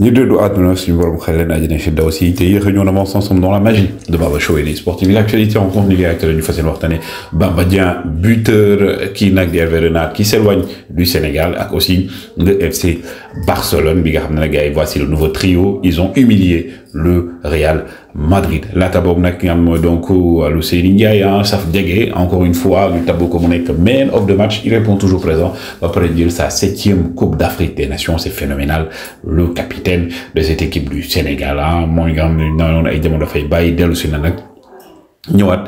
ñu déglu àdduna suñu borom xel leen àjjana fi daw si te yéex a ñëw on ensemble dans la magie de Baba Show et les sportifs l'actualité en compte li ak la ñu fas yéene waxtaanee Bamba buteur kii nag di Hervé Renard qui s'éloigne du Sénégal ak aussi le FC Barcelone bi nga xam ne nag gars yi voici le nouveau trio ils ont humilié le Real Madrid La boobu nag nga donc donc Luseyni Ndiaye ça ah, fait dégager. encore une fois du tabb comme on est man of the match il répond toujours présent va dire sa septième coupe d'Afrique des Nations c'est phénoménal le capitaine de cette équipe du Sénégal mon ah, mon nga non, ne noonu ay a dafay Sénégal ñëwaat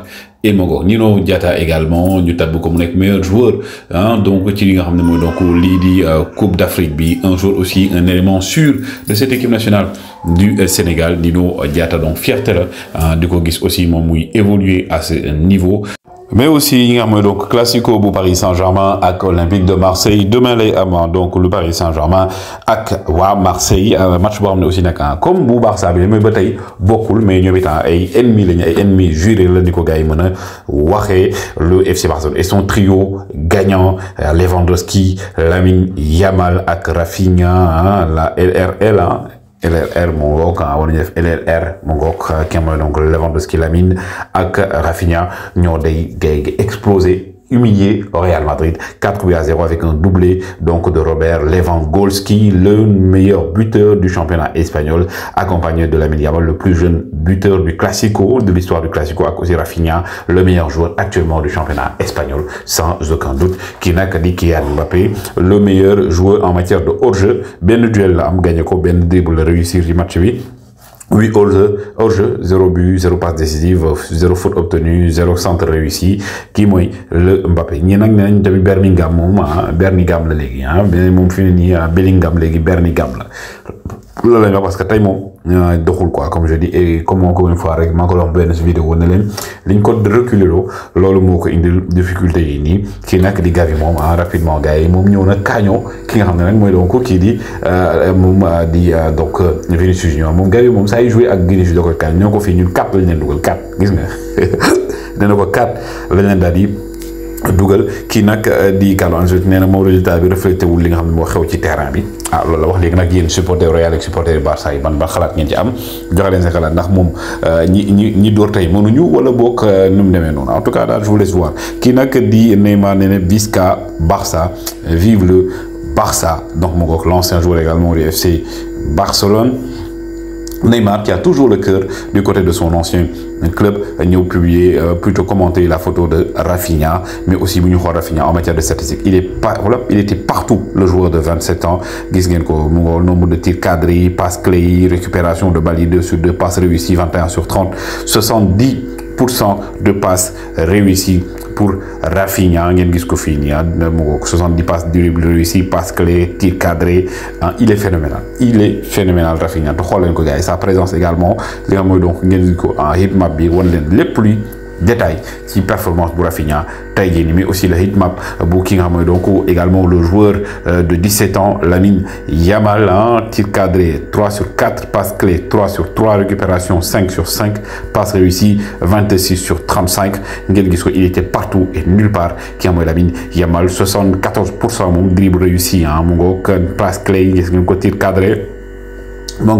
mon ni Nino Diatta également ñu tabb ko mu nekk meilleur joueur hein donc ci li nga xam ne mooy donc lii di euh, Coupe d'Afrique bi un jour aussi un élément sûr de cette équipe nationale du euh, Sénégal Nino Diatta donc fierté la hein, di ko gis aussi moom muy évoluer à ce niveau mais aussi il nga a donc classico Paris Saint-Germain ak Olympique de Marseille demain lay am donc le Paris Saint-Germain ak wa Marseille euh, match pour aussi nak comme bou Barça bi a ba bokul mais ñoom itam ay ennemis lañu ay ennemis jurés la le FC Barcelone et son trio gagnant Lewandowski Lamine Yamal ak Rafinha hein, la LRL LRR mu ngoog ah, def LRR mu ngoog ce ah, qu'il donc Lewandowski Lamine Rafinha day explosé humilié au Real Madrid. 4 à 0 avec un doublé donc de Robert Lewandowski, le meilleur buteur du championnat espagnol, accompagné de la le plus jeune buteur du Classico, de l'histoire du Classico à cause Rafinha, le meilleur joueur actuellement du championnat espagnol, sans aucun doute, qui n'a qu'à dire Mbappé, le meilleur joueur en matière de hors-jeu, ben duel am ben dribble réussir du match 8 hors jeu, 0 but, 0 passe décisive, 0 foot obtenu, 0 centre réussi. qui est le Mbappé ñi nag nee nañu tamit Birmingham moom ah Birmingham la léegi ah mais moom fi mu ne nii ah, Birmingham nga parce que tellement moom euh, quoi comme je dis et comme encore une fois rek maa ko wax benn vidéo ne leen liñ ko reculer loolu moo ko indil difficulté yi nii kii nag di Gavi moom ah, rapidement gars yi moom ñëw na kaañoo ki nga xam mooy donc kii di euh, moom ah, di euh, donc Vinicius moom Gavi moom yu ak Vinicius da koy kaañ ñoo ñun quatre lañ leen quatre gis nga ko quatre lañ leen daal di. dugal di na résultat bi wul li nga xam ne xew ci terrain bi ah loolu la wax léegi nag yéen supporter Real ak supporter Barça yi ban ba xalaat ngeen ci am joxe leen sa xalaat ndax moom euh, ñi ñi ñi dóor tey mënuñu wala boog euh, nu mu demee noonu en tout cas daal je vous laisse voir kii nag di Neymar nee na visca Barça vive le Barça donc mu ngoog l'ancien joueur également du FC Barcelone Neymar qui a toujours le cœur du côté de son ancien club nous publié euh, plutôt commenter la photo de Rafinha mais aussi bu Rafinha en matière de statistiques il est pas il était partout le joueur de 27 ans Gizgenko. nombre de tirs cadrés passes clés récupération de balles 2 sur 2 passes réussies 21 sur 30 70 de passes réussies pour Rafinha ngeen gis 70 ah, passes dribble réussies passes clés tir cadré ah, il est phénoménal il est phénoménal Rafinha sa présence également il donc détail si performance pour Rafinha fin ni mais aussi le hitmap map booking ki donc également le joueur euh, de 17 ans Lamine Yamal hein, tir cadré 3 sur 4 passes clés 3 sur 3 récupération 5 sur 5 passes réussies 26 sur 35 il était partout et nulle part qui a Lamine Yamal 74 de dribble réussi hein, mon passe clé tir cadré ma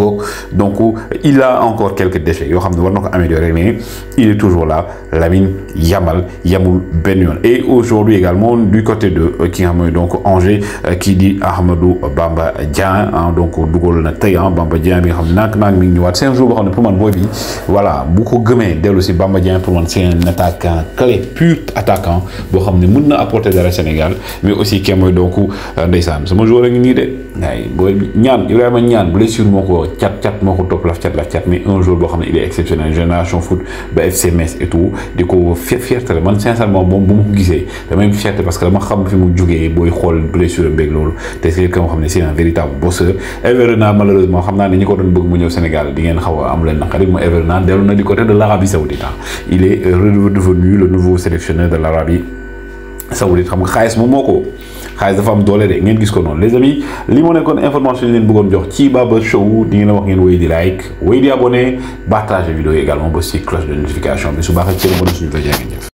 donc il a encore quelques déchets yoo xam ne améliorer mais il est toujours là Lamine Yamal yamul benn et aujourd'hui également du côté de qui euh, nga donc Angers qui euh, dit Ahmadou Bamba Dieng ah donc Dougol na tey hein, Bamba Dieng mais nga xam ne naag naag mi ngi ñëwaat cinq jours pour mon boy bi voilà bu ko gëmee dellu Bamba Dieng pour moi c'est un attaquant clé pur attaquant boo xam ne mun na apporter dara Sénégal mais aussi qui mooy donc euh, ndeysaan sama joueur a ngi nii de waaye il bi ñaan Ibrahima blessure moo chat chat moko top la chat laf cat mais un jour bo xamné il est exceptionnel génération foot ba FC Metz et tout diko fier fier la man sincèrement moom bu ma ko gisee même am parce que dama xam fi mu jugee boy xol blessure mbéeg lolu té c'est que moo c'est un véritable bosseur Everna malheureusement xamna ni ne ñi ko doon bëgg mu ñëw Sénégal di ngeen xawa am leen naqari mu Everna dellu na du côté de l'Arabie Saoudite hein. il est redevenu le nouveau sélectionneur de l'Arabie Saoudite xam nga xaalis ko xaalis dafa am doole de ngeen gis ko noonu les amis li moo nekkoon information yi leen bëggoon jox ci Baba Show di ngeen a wax ngeen wéy di like wéy di abonné partager vidéo yi également ba si cloche de notification bi su baaxee ci la mën suñu fajee ngeen